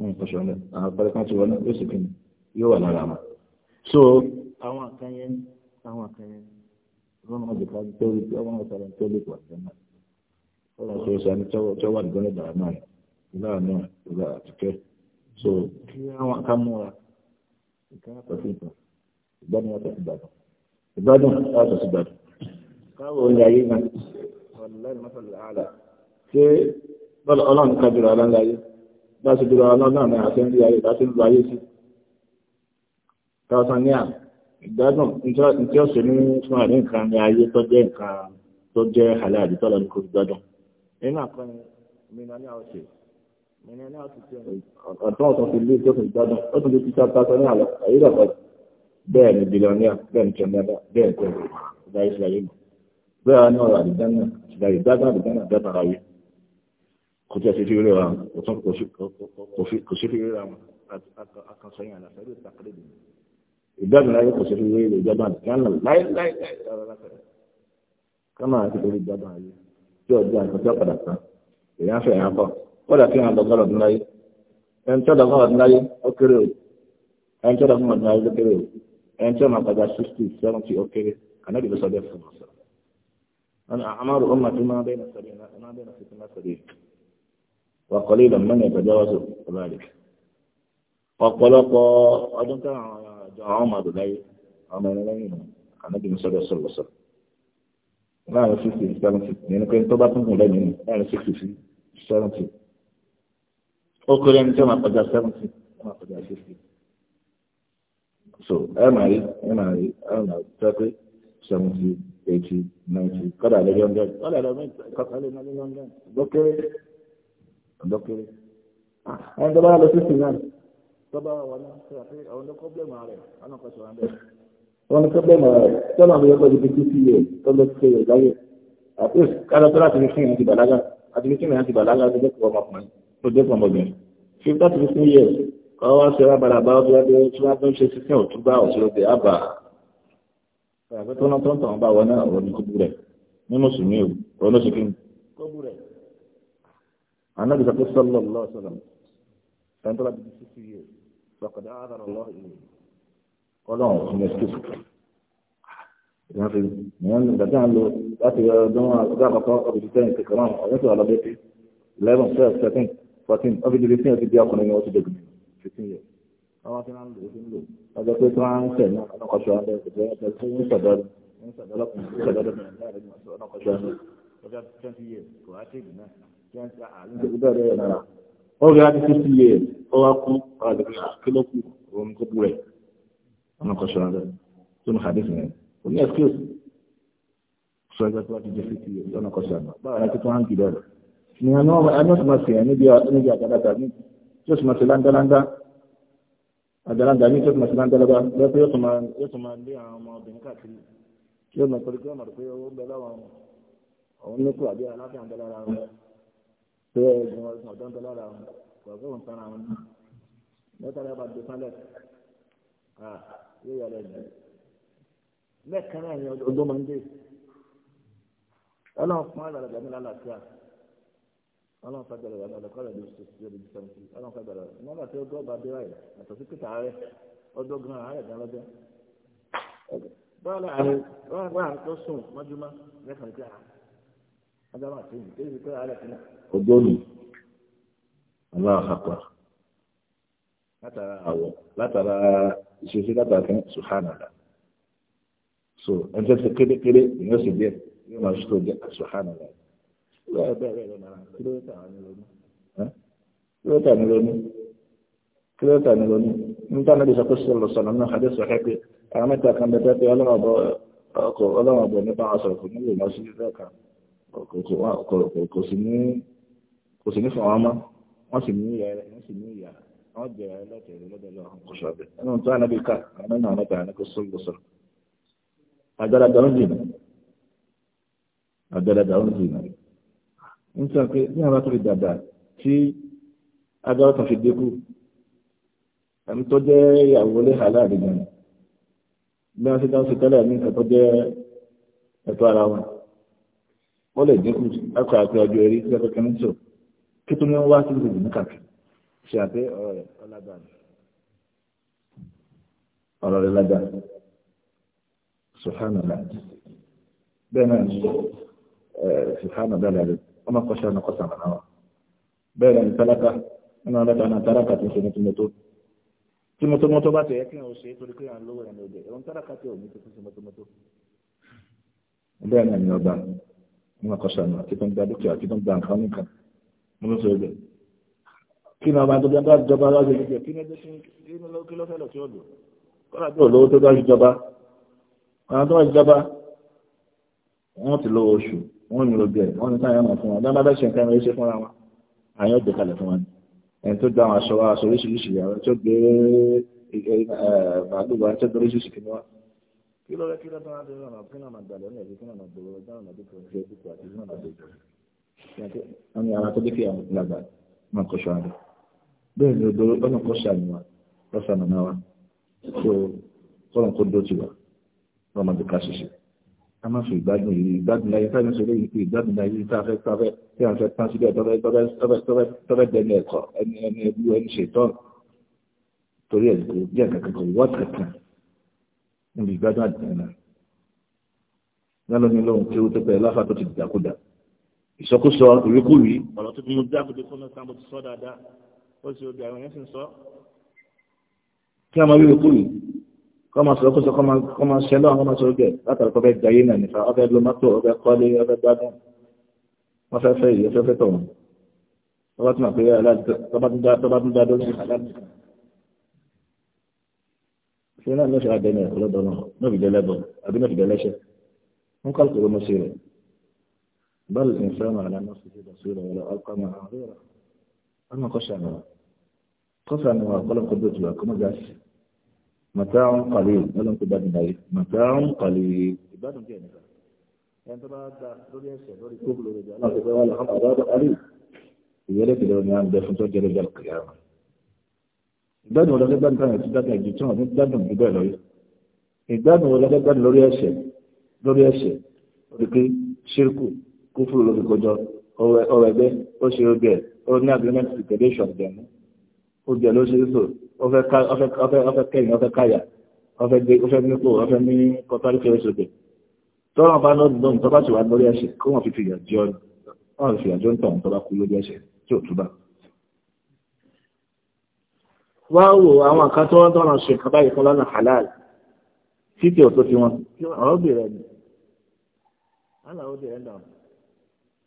Speaker 2: wọn kò sọ náà àwọn àpẹẹrẹ kan ti wọ náà yóò sì yóò wà lára wọn. so àwọn kan yẹn àwọn kan yẹn wọn máa jùkọ́ tó rí pé wọn sọ tó lè wà lẹ́nà wọn sọ sọ ní tọ́wọ́ wà nígbọ́n lẹ́dàá náà ìlà náà ìlà àtìkẹ́ so kí àwọn kan múra ìkànnì àtọ̀sí ìtàn ìgbádùn àtọ̀sí ìgbádùn ìgbádùn àtọ̀sí ìgbádùn káwọn olè ṣé ọlọ́run ká jùlọ aláńláyé bá ṣe jùlọ aláńláyé àti ń rí ayé bá ṣe ń lu ayé sí tanzania ìgbádùn tí ó ṣe ní fún àrí nǹkan ní ayé tó jẹ́ nǹkan tó jẹ́ àlẹ́ àdìtọ́ lọ ní kò gbádùn nínú àkọni mìíràn ní àwọ̀ṣe mìíràn ní àwọ̀ṣe tí ọ̀tọ́ ọ̀tọ́ fi lé tó fi gbádùn ó tún lè fi sáà tásán ní àlọ́ bẹ́ẹ̀ ni ọ̀rọ̀ àdìjánà ṣùgbọ́n ìdájọ́ àdìjánà dábàá ra wí kò tí a ṣe fi rírẹ̀ wọn kò ṣe fi rírẹ̀ wọn akansọ̀yìn àlàfẹ́ ló tàkìlẹ̀ dì ìdájọ́ láyé kò ṣe fi rírẹ̀ ìjọba àdìjánà láíláí kámà àti torí ìjọba ayé tí ọjọ́ àkọsí ọ̀padà kan èèyàn fẹ̀yìn akọ kódà kí wọn dọ̀gọ́rọ̀ ọdún láyé ẹni tí ọdọ̀gọ́rọ̀ ọdún láyé ó kéré o ẹni tí ọdọ̀gọ́rọ̀ ọdún láyé ó kéré o ẹni tí ọmọ àgbàdà sixty seventy ó kéré ànábìlẹ̀ sọ́dẹ̀ fún ọ̀sán. أن أعمار أمة ما بين السبيل ما بين ستنا سبيل وقليلا من يتجاوز ذلك وقلق أدنك جاء عمر لي عمر لي النبي صلى الله عليه وسلم لا نسيتي سالم سيت لأن كنت تبعتم ولا من لا نسيتي يعني سالم سيت أكرم يعني أنت ما قدر سالم سيت ما قدر سيت so أمري أمري أنا تقول سالم سيت eighty ninety kọ́dà lórí hundred kọ́dà lórí kọ́sálẹ̀ náà lórí hundred ọ̀dọ́kẹ́rẹ́ ọ̀dọ́kẹ́rẹ́ ah, ẹni tó bá lọ sí sinan tó bá wà ní ṣe àti àwọn ọ̀dọ́ pọ́blẹ́mù rẹ̀ wọn kọ́ sọ̀rọ̀ rẹ̀ wọn ní pọ́blẹ́mù rẹ̀ tó náà fi yọkọ̀ ibi títí yẹ tó lọ sí yẹ láyé àti kálọ̀ tó láti fi fún yẹn ti bàlágà àti fi fún yẹn ti bàlágà tó dẹ́kun ọmọkùnrin tó dẹ́kun ọmọbìnrin fi láti fi fún yẹ kọ́ wá ṣe wá balàbá ọdún ọdún tí wọ́n á tó ń ṣe sísìn òtúgbà òṣèlú àgbẹ̀ tó náà tọ́ntàn bá wọn náà ọ̀rọ̀ ní kóbú rẹ̀ ní mùsùlùmí o ọ̀rọ̀ ló ṣe kí ni. kóbú rẹ̀ anábì sọ pé sọlọ lọ sọlọ tẹ́ńtọ́ láti di sísú yìí lọ́kọ̀dá àdàrà lọ ìlú ọlọ́run fún ẹ̀sìkìsì. ìyẹn fi ìyẹn dàgbà ń lo láti ọdún ọgá àkọ́kọ́ ọ̀bìtì tẹ́yìn kẹkẹrọ ọ̀rẹ́ sọ̀rọ̀ lọ́dẹ́tì eleven twelve thirteen fourteen ọ̀bìtì fifteen ọ̀bìtì ọkùnrin ni wọ́n ti dẹ̀gbìn fifteen years àwọn tí wọ́n ń lò ó ti ń lò ọjọ́ pé tí wọ́n ń tẹ̀ ní ọ̀nàkọ̀ṣọ́ ọ̀dọ́ ìgbẹ́ ọjọ́ tí ń sọ̀dọ́dọ̀ ń sọ̀dọ́lọ́kùnrin ń sọ̀dọ́dọ̀kùnrin láàrin ọ̀nàkọ̀ṣọ́ ọ̀dọ́ ọjọ́ twenty years kò á tèbi náà twenty àárín ìgbẹ́ ọ̀dọ́ yẹn lára ó rí adé fifty years ó wá kú ọ̀dọ́kùnrin àkílọ́kù òun kó bú rẹ̀ ọ̀nàkọ̀ṣọ́ ọ̀dọ́ tó ní hadith yẹn ó ní excuse sọ ẹgbẹ́ tó wá ti jẹ́ fifty years ọ̀nàkọ̀ṣọ́ ọ̀dọ́ báwo ni tó wá ń kì lọ́rọ̀ ni àwọn ẹni tó máa ṣèyàn níbi àgbàdàgbà ní tí ó sì máa ṣe láńdáláńdá
Speaker 1: àgbàlagbà mi tó ti máa ti máa ń dálábà lọ́pẹ́ yóò tún máa
Speaker 2: lé àwọn ọmọ obìnrin káàkiri kí ó máa torí kí wọ́n máa rò pé owó ń bẹ láwọn òun ní àbí aláfíà ń bẹ lára wọn pé ẹ̀gbọ́n ọ̀sán ọ̀dọ́ ń bẹ lára wọn kọ̀ọ̀kọ́ ń tara wọn lọ́tà lábà dé sálẹ̀ à yóò yà lẹ́ jù ni ọdún máa ń dé ọlọ́run fún àgbàlagbà mi lálàáfíà ọlọ́run fagbára wà lọ́dọ̀ kọ́lẹ̀ ló ṣe sí ọdún sẹ́wọ̀ntì ọlọ́run fagbára wà nígbà tí ọdún ọba dé ráyè àtọ̀ sí kíkà rẹ ọdún gan àárẹ̀ gan lọ́jọ́. bọ́ọ̀lù àrùn wọn wà tó sùn mọ́júmọ́ lẹ́kàn kí àrùn ọjọ́ máa tẹ̀yìn kí èyí kí àárẹ̀ fún ọjọ́ òní aláàpá látara àwọ̀ látara ìṣesí látara fún sùhánàlá so ẹni tẹ́ ti kéde kéde ìyẹn ó sì díẹ̀ yóò máa ṣ bẹ́ẹ̀ bẹ́ẹ̀ lọ nara kílódéta ni ronú kílódéta ni ronú kílódéta ni ronú níta náà bí sọ pé sọlọ sọlọ náà hadé sọ hẹ́pẹ́ àwọn mẹ́ta kan bẹ́ẹ̀ pé ọlọ́mọbọ ọkọ̀ ọlọ́mọbọ nípa aṣọ kò ní ìmọ̀ sí ilé ẹ̀ka kò sí ní kò sí ní fún wọn mọ́ wọ́n sì ní ìyá wọ́n sì ní ìyá wọ́n jẹ ẹlẹ́tẹ̀ẹ́ lọ́dọ̀ lọ́wọ́ kò sọ bẹ́ẹ̀ ẹnu tó ànábì ká àwọn náà mẹ́ta ni kò dì náà àgbàlagbà ń dì náà ń sọ pé ní àwọn àtúndì dàgbà tí agbára kan fi dínkù àmì tó jẹ́ ìyàwó lé hàlá àdìgbà bí wọ́n ṣe dáhùn sí tẹ́lẹ̀ ní nǹkan tó jẹ́ ẹ̀tọ́ ara wọn ó lè dínkù akọ àti ọjọ́ eré tí ẹ̀kọ́ kẹ́mí sọ kí tó ní wá sí ìlú ní kàkì ṣe àpé ọ̀rọ̀ rẹ̀ ọlágbàdì ọ̀rọ̀ rẹ̀ lágbàdì subhanallah bẹ́ẹ̀ náà ni subhanallah rẹ̀ ọmọ kọ́ṣẹ́ ọ̀nà kọ́ṣẹ́ àmàna wa bẹ́ẹ̀ ni tálákà nínú ọ̀dọ́ta náà tálákà tó ń ṣe ní tòmọ́tò tí mọ́tòmọ́tò bá tẹ̀yẹ kí n ò ṣe torí pé à ń lówó ẹ̀mí ọ̀dẹ̀ ẹ̀rọ tálákà tí ò tó ṣe mọ́tòmọ́tò bẹ́ẹ̀ ni ẹ̀mí ọba ọmọ kọ́ṣẹ́ ọ̀nà tí tó ń gba dúkìá tí tó ń gba nǹkan nìkan mo ló sọ ibẹ̀ kí ni ọba tó bá jọba lọ́sẹ̀ níbẹ̀ kí ni ẹjọ́ kí ló fẹ́ lọ sí ọ̀dọ̀ kọ́lá tó lówó wọ́n ní obi ẹ̀ wọ́n ní táyà mọ̀ fún wọn dáná bá ṣe nǹkan ẹ̀rọ ṣe fúnra wọn àyàn ó gbé kalẹ̀ fún wọn ẹni tó da àwọn aṣọ wa aṣọ oríṣiríṣi àwọn tó gbé màálù eh, wa tó gbé oríṣiríṣi kí wọ́n. kí ló rẹ kí ló dáná lórí ọ̀nà kí náà máa gbàlẹ̀ ọ̀nà ìdíkùn náà gbòòrò dáná náà dúkùn ọ̀nà ìdíkùn àti ìdíkùn náà dúkùn. wọ́n ní ara tó dé kí àwọn ìlàgbà máa kọ́ ṣọ́ àdé bẹ́ẹ̀ ni odò ọ̀nà kọ́ ṣàníwá lọ́sàn-án náà wa tó kọ́ ká má sọ ìgbádùn yìí ìgbádùn láyé fẹ́mi sọ léyìí pé ìgbádùn láyé táfẹ́ táfẹ́ tí a ń fẹ́ tán síbẹ̀ tọ́fẹ́ dẹni ẹ̀kọ́ ẹni ẹni ẹbú ẹni ṣètọ́n torí ẹ̀ jẹ́ kankan kò wọ́ kankan níbi ìgbádùn àdìyàn náà lálọ́ni lóhun tí ó tó pẹ̀lú láfa tó ti dàkúdà ìsọkúsọ ìrékùrí ọ̀rọ̀ tó fi mú dákúdé fún mẹ́ta mo ti sọ dáadáa ó sì obì àwọn yẹn sì ń sọ kí a máa rí ìrékùrí kọ́mọ sọ kó sọ kọ́mọ ṣẹlẹ̀ ọ̀hún ọmọ sọ gẹ̀ látàrí kọ́ fẹ́ jayé náà nípa ọ̀fẹ́ ló mọ́tò ọ̀fẹ́ kọ́lé ọ̀fẹ́ gbádùn wọ́n fẹ́ fẹ́ ìyẹ́fẹ́ fẹ́ tọ̀wọ́n tọ́ba tún àpẹẹrẹ tọ́ba tún dádó sí aláàbùkù ṣé náà lọ́sẹ̀ abẹ́nẹ̀ ọlọ́dọ̀ náà náà fi dẹ́lẹ́bọ̀ àbí náà fi dẹ́lẹ́ṣẹ̀ wọ́n kọ́ àlùkò lọ́mọ sí rẹ̀ báàlù ìfẹ́ràn àlànà sí ṣe dọ̀sí rẹ̀ mọ̀tàrún kàlẹ́ ọlọ́run tó gbádùn láyé mọ̀tàrún kàlẹ́ ìgbádùn díẹ̀ nípa ẹni tó bá gba lórí ẹsẹ̀ lórí kóòbù lórí ìjọ aláṣẹ fẹ́ wà lọ́wọ́ àbádọ́ àrí ìyẹ́lẹ́ kìlẹ̀ ọ̀nà àgbẹ̀ fún tó jẹ́rẹ́ jẹ́ kìlẹ̀ àwọn. ìgbádùn ọlọ́dẹ́ gbádùn táwọn ẹ̀sìn gbádùn ẹ̀jù tí wọ́n ní gbádùn jù bẹ́ẹ̀ lọ́yọ́ ìgbádùn ọlọ́dẹ́ gbádùn lórí ẹsẹ̀ lórí ẹsẹ̀ lórí pé ṣírkù kúfúrú lórí kọjọ ọ̀rọ̀ ẹgbẹ́ ó ṣe ó bẹ̀ ó ní agreement ọfẹ́ kẹyìn ọfẹ́ káyà ọfẹ́ gbé ọfẹ́ nípò ọfẹ́ ní kọtàrí kẹrẹ sókè tọ́rọ̀ bá lọ́dún lọ́dún tọ́bá ti wà lórí ẹ̀ṣẹ̀ kó wọ́n fi fìyà jọ wọ́n fi fìyà jọ ń tọ̀ ń tọ́bá kú lórí ẹ̀ṣẹ̀ tí ò túbà. wá wo àwọn àká tó wọ́n tọ́rọ̀ ṣe kábà yìí fún lọ́nà halal títí ọ̀tọ̀ tí wọ́n ọ̀rọ̀bìnrin ni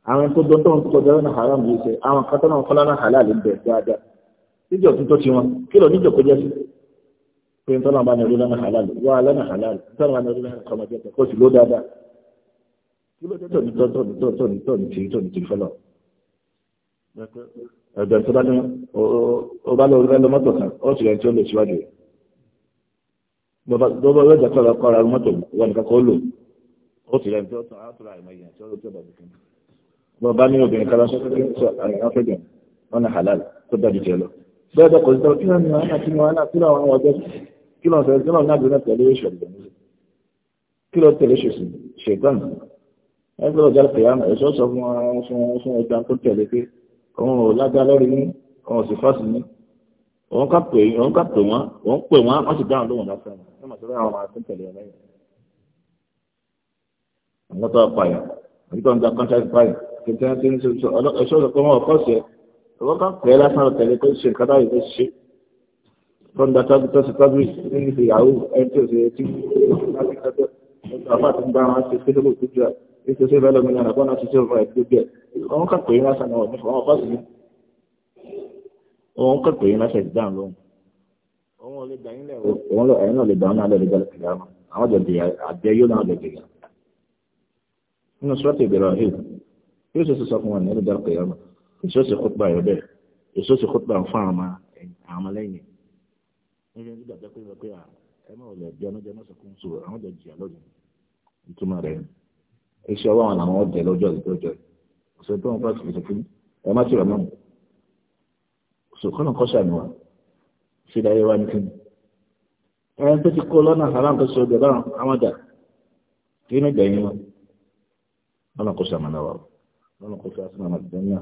Speaker 2: àwọn tó dọ́ńtọ́ ń kọjá lọ́nà haram yìí ṣe àwọn àká tó náà fọ́lọ́nà halal ń bẹ̀ dáadáa níjọ tuntun ti wọn kí lọ níjọ kọjá sí pé ń tọ́lá ní orílẹ̀ náà halal wà á lẹ́nà halal tọ́lá bá ní orílẹ̀ náà kọ́mọ jẹ́tẹ̀ kó sì ló dáadáa kí ló dé tọ̀nì tọ̀nì tọ̀nì tọ̀nì tì tọ̀nì tì fẹ́lọ̀ ẹ̀dọ̀ tó bá ní o bá lọ orílẹ̀ lọ mọ́tò kan ó sì rẹ̀ tí ó lè síwájú bọ́bá yóò jẹ́ tọ́lá kọ́ra mọ́tò wọn nìkan kó lò ó sì rẹ̀ tí ó tàn á tó ra ìmọ̀ ìyàn bẹ́ẹ̀ bẹ́ẹ̀ kò sí sọ kí wọ́n ní wàhálà kí wọ́n wàhálà kí wọ́n àwọn ọjọ́ kí wọ́n sọ kí wọ́n náà gbéná tẹ̀lé oṣù ọ̀gbọ̀n kí wọ́n tẹ̀lé oṣù ṣègbọ́n ẹgbẹ́ ọjà kẹyà ẹ̀ṣọ́ sọ fún wọn fún ọjà tó tẹ̀lé pé òun ò lágbá lórí ní òun ò sì fásitì ní òun ká pè òun ká pè wọ́n òun pè wọ́n wọ́n sì dáhùn lóhùn lásán ní màtí wọ́n àwọn àti tẹ̀lé ọ̀rẹ́ yẹn. àwọn tó apààyàn wọ́n kàn pẹ́ lásán tẹ̀lé tó ṣe nǹkan táyì tó ṣe tó ń da tábí tó ṣe tábí nínú ìṣe ìyàwó ẹni tí ò ṣe tí láti kẹtẹ ọjọ́ àbá àti gbà wọn ṣe pé tó kò tó jù à ní ṣe ṣe fẹ́ lọ́mọ náà bọ́n náà ṣe ṣe fún ẹ̀ tó bẹ̀ wọ́n kàn pẹ́ lásán náà ní fọwọ́n bá sì ní wọ́n kàn pẹ́ lásán ìdá lóhùn òun lè gbà yín lẹ̀ òun lọ ẹ̀yin náà lè gbà wọn náà lè gbà lẹ́kẹ̀ẹ́ àwọn àwọn jẹ̀dẹ̀ àjẹ́ yóò náà lè gbẹ̀yà nínú sọ́ọ̀tì ìbẹ̀rẹ̀ yóò ṣe sọ fún wọn ní ẹ̀rọ èso sì kópa yọ bẹ́ẹ̀ èso sì kópa fún àwọn àwọn lẹ́yìn níbi nígbà tó pé pé ẹ má wọlé ẹbí ọmọdé má sọkún so àwọn jọ jìyà lọ́dún ìtumọ̀ rẹ̀ iṣẹ́ ọwọ́ àwọn làwọn ọ̀dẹ̀ lọ́jọ́ ìjọjọ́ ọ̀sẹ̀ tó ń bá ti fi ẹ má ti rẹ̀ mọ́ sòkòlò kọ́ṣà ni wa ṣe dáyé wá ní kí ni ẹ tó ti kó lọ́nà haram ni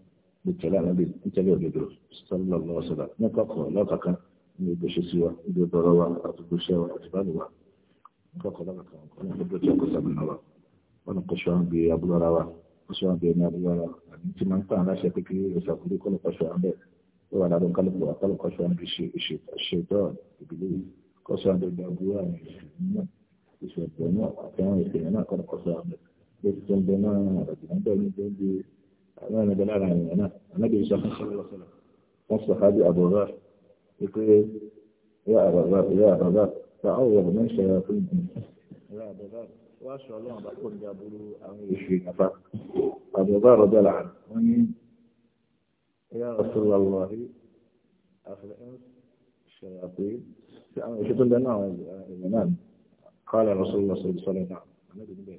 Speaker 2: ìtẹ̀lé ànábì ìtẹ̀lé òdodo sallallahu alaihi wasallam ní kọ̀kọ̀ lọ́kàkan ní ìgbésẹ̀ sí wa ìgbé bọ̀rọ̀ wa àti ìgbésẹ̀ wa àti báyìí wa ní kọ̀kọ̀ lọ́kàkan ọ̀nà ìgbésẹ̀ tí ọkọ̀ sàmìnà wa wọn kò ṣọ́ àǹbí abúlé ara wa kò ṣọ́ àǹbí ẹni abúlé ara àbí tí máa ń pa aláṣẹ pé kí ìṣàkúrú kọ́ lọ́kọ̀ ṣọ́ àǹbẹ̀ ó wà lábẹ́ kálukú wa kálukọ̀ ṣọ́ kọ́ ṣọ́ àwọn ìṣẹ̀lẹ̀ náà àti àwọn أنا دلالة عن أنا أنا جيب يعني، صلى الله عليه وسلم والصحابي أبو ذر يقول إيه؟ يا أبا ذر يا أبا ذر تعوض من شياطين يا أبا ذر وأشعر لهم بقول جابوا له أو يشفي نفاق أبو ذر رضي الله عنه يا رسول الله أخلقنا الشياطين شوف لنا زمان قال رسول الله صلى الله عليه وسلم نعم النبي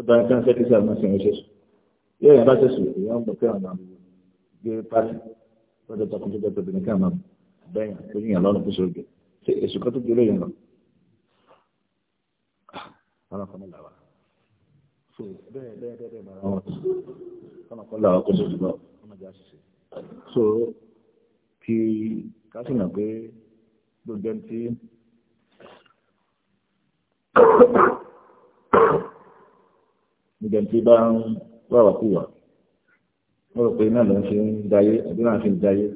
Speaker 2: إيه؟ كان في كتاب ما سمعتش yóò yàn bá ṣe sùn ìyá ń bọ̀ kí àwọn gbé pàṣẹ lọ́jọ́ tó kún tó jẹ́ tòbí ní káàmà bẹ́yìn tó yàn lọ́nà kó sóògbé ṣe èsù kan tó gbélé yàn lọ. àwọn kan là wà so bẹ́ẹ̀ bẹ́ẹ̀ bẹ́ẹ̀ bẹ́ẹ̀ mara wọn kọ́nà kan kó sóògbé lọ ọmọ ìjà ṣiṣẹ́ so kí kásìnà pé gbogbo ẹni tí gbogbo bá ń wàrà kúwà wọ́n rò pé iná ló ń ṣe ń dayé àbí náà fi ń dayé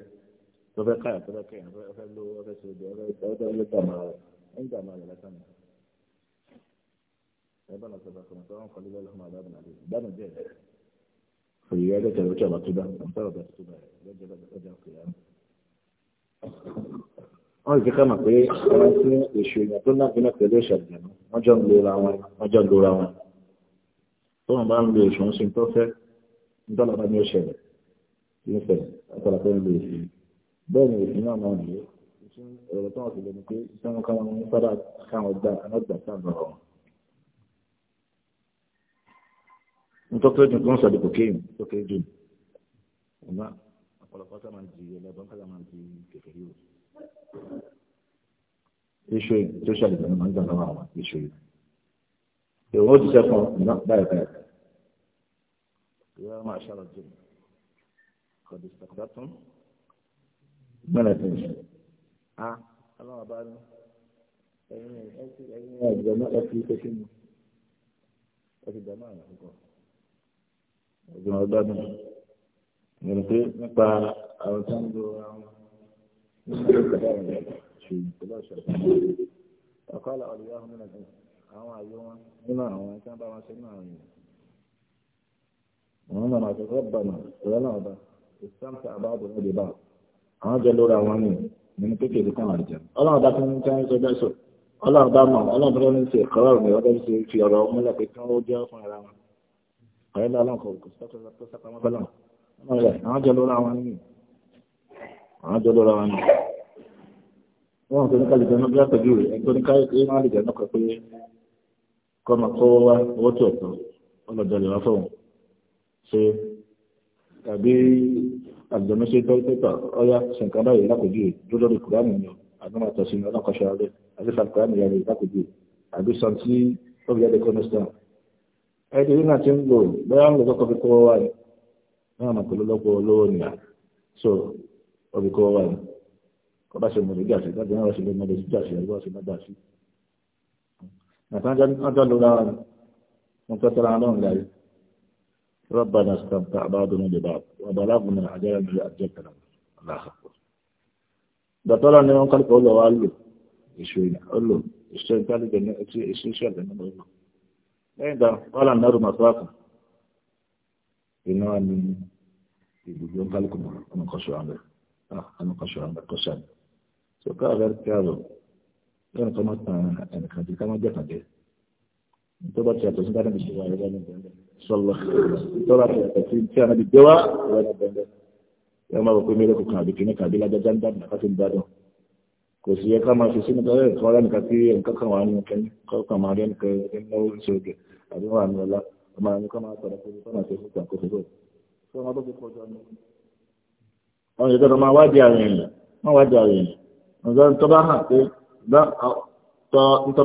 Speaker 2: tó fẹ́ káyà tó fẹ́ kẹyìn tó fẹ́ lówó ọfẹ́ ṣe ojú ọfẹ́ ọfẹ́ ló dàmà rẹ̀ ń dàmà rẹ̀ lásán ẹ̀bọ́n náà sọ̀rọ̀ sọ̀rọ̀ sọ̀rọ̀ kọ́lé lọ́lọ́mọ àdáàbò àdé ìdánù jẹ́ ẹ̀ òyìnbó ẹgbẹ́ tẹ̀lé ojú ọ̀bà tó dá ọ̀tọ̀rọ̀ bẹ́ẹ̀ tó bá ẹ̀ lọ́jọ́ lọ́jọ́ kìlá wọ́n ti ká mà pé ọ̀rọ̀ sí èṣù ìyàn tó náà fi náà pẹ̀lú ìṣàjẹ̀mú wọ́n jọ ń lora wọn wọ́n jọ ń lora wọn tóun bá ń lo èṣù ń sin tó fẹ́ dọ́là bá ní ó ṣẹlẹ̀ ní ṣẹlẹ̀ àtàlà tó ń lo èṣù bẹ́ẹ̀ ni èṣù náà máa ń lò ọ̀rọ̀ tó wọ́n ti lè ní pé iṣẹ́ wọn káwọn ń sábà káwọn gbà alágbà sáàbà wọn. nítorí tó dùn tó ń sọ̀dọ̀ kò kéyìn tó kéyìn dùn ọ̀nà ọ̀pọ̀lọpọ̀ sábà ń di ẹlẹ́gbọ́n sábà máa ń di kékeré o. iṣu tó ṣàlùbọ̀ ni màá ń gbà lọ́wọ́ àwọn iṣu yìí. ìwọ òjíṣẹ́ fún ọ báyìí báyìí. يا معشر الجن قد استقبلتم من الجن اه الله بعد الجماعة في تكلم في الجماعة الجماعة بعد
Speaker 1: من في نقطة أو تنظر
Speaker 2: شيء وقال أولياء من الإنس àwọn àyè wọn nínú àwọn tí wọ́n bá wọn ṣe nínú àwọn èèyàn. àwọn náà máa tọ́jú ọba náà ìrọ́ náà ọba ìsáǹtà àbáàbò náà lè bá àwọn jẹ lórí àwọn nìyẹn nínú kékeré kan àdìjẹ. ọlọ́run bá tún ń tẹ́ ń sọ bẹ́ẹ̀ sọ ọlọ́run bá mọ̀ ọlọ́run tó ní ṣe ìkọ́rọ̀ rẹ̀ ọdọ́ ṣe fi ọ̀rọ̀ múlẹ̀ pé kí wọ́n jẹ́ fún ara wọn. ọ̀rẹ́ lọ ọlọ́run kò kò tó sápamọ́ bẹ́ẹ̀ náà. àwọn jẹ lórí àwọn nìyẹn àwọn jẹ lórí àwọn nìyẹn. wọ́n tó ní ká lè jẹ́ náà bí kọ́ máa kọ́ wá owó tí ọ̀tọ̀ ọlọ́dọ̀ lè wá fún un ṣe tàbí àgbẹ̀mẹsẹ̀ tọ́lítẹ́tà ọ̀yá ṣèǹkan báyìí lákòjú dúró lórí kùránì ni àgbọ̀n àtọ̀sí ni ọlọ́kọ̀ṣẹ́ alẹ́ àti fàkùránì yàrá ìlákòjú àbí santí lórí yàrá ìkọ́nẹ́sítà ẹni tí náà ti ń lò bóyá ń lò kọ́kọ́ fi kọ́ wá yìí náà mà pẹ̀lú lọ́pọ̀ olówó nìyà so ọbí kọ́ wá yìí kọ́ bá ṣe mọ̀lẹ́gbàṣẹ́ àtàjọ́ lóra rẹ̀ wọ́n fẹ́ ربنا استمتع بعضنا ببعض وبلغنا العجل الذي أجلتنا الله أكبر ده طلع ان يوم قال له قال له ايش وين قال له اشتغل قال لي ان ايش ايش قال له ايه ده قال النار مساقا انه ان يقول قال لكم انا قشوا عنده اه انا قشوا عنده قشان سو قال غير كذا lọ́nà kan máa tàn ẹnìkan jẹ ká máa jẹ́ kàjẹ́ tó bá ti àtọ̀sí dáná bìí wà lọ́nà bẹ̀rẹ̀ sọlọ tó bá ti àtọ̀sí tí a náà bìí wà lọ́nà bẹ̀rẹ̀ yẹn máa wọ pé mẹ́rẹ̀ kò kàn àbí kìíní kàbí lágbájá ń dáná ká ti ń dáná kò sí yẹ ká máa fi sínú kọ́lá ẹ̀kọ́ ọ̀rá nìkan tí nǹkan kan wà nínú kẹ́ni kọ́kàn máa rí ẹnìkan ẹ̀kọ́ ìṣòro àbí wà ní ọlá ọmọ àwọn kan máa tọ̀rọ̀ fún ọmọ àti ìfúnta kò fẹ́ fún ọmọ tó fi kọjá ní. àwọn ìjọba máa wádìí àwọn èèyàn máa wádìí àwọn èèyàn nítorí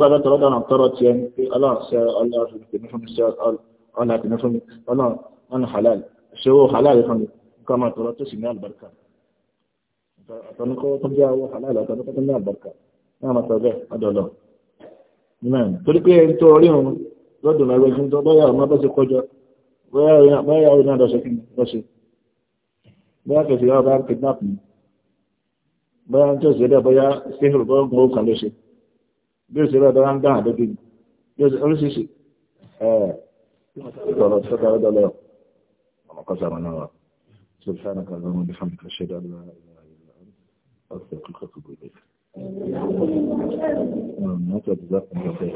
Speaker 2: bá tọrọ dáná tọrọ tí ẹni pé aláàṣẹ aláàṣẹ tèmi fún mi ṣe ọ̀nà tèmi fún mi ọ̀nà ọ̀nà halal ṣe owó halal fún mi nǹkan máa tọrọ tó sì ní àlùbáríkà àtọ́nukọ́ tó jẹ́ owó halal àtọ́nukọ́ tó ní àlùbáríkà náà máa tọrọ bẹ́ẹ̀ ọ̀dọ̀ọ̀dọ̀ torí pé ẹni tó rí òun lọ́dún lọ́wọ́ ẹni tó bọ́yà ọmọ bá ṣe kọjọ bọ́yà ọ̀rẹ́ náà lọ́ṣẹ́ kí ni lọ́ṣẹ́ bọ́yà kẹfì bóyá tí ṣe bẹ́ẹ̀ bóyá síhìrì bóyá gun ló ṣe bí ó ṣe bẹ́ẹ̀ bóyá ń dáhà lójú bí ó ṣe oríṣiríṣi ọ̀rọ̀ tó dára dọ́lẹ̀ ọmọ kọ́sà mọ́ náà سبحانك اللهم وبحمدك اشهد ان لا اله الا انت استغفرك واتوب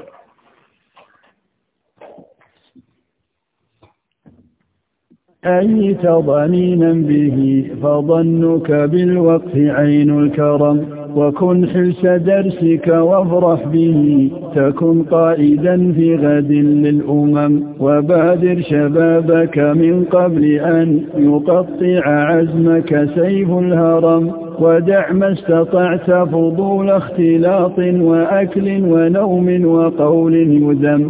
Speaker 1: أيت ضنينا به فظنك بالوقف عين الكرم وكن حلس درسك وافرح به تكن قائدا في غد للأمم وبادر شبابك من قبل أن يقطع عزمك سيف الهرم ودع ما استطعت فضول اختلاط وأكل ونوم وقول يذم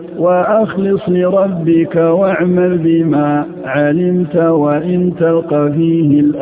Speaker 1: وأخلص لربك واعمل بما علمت وإن تلقى فيه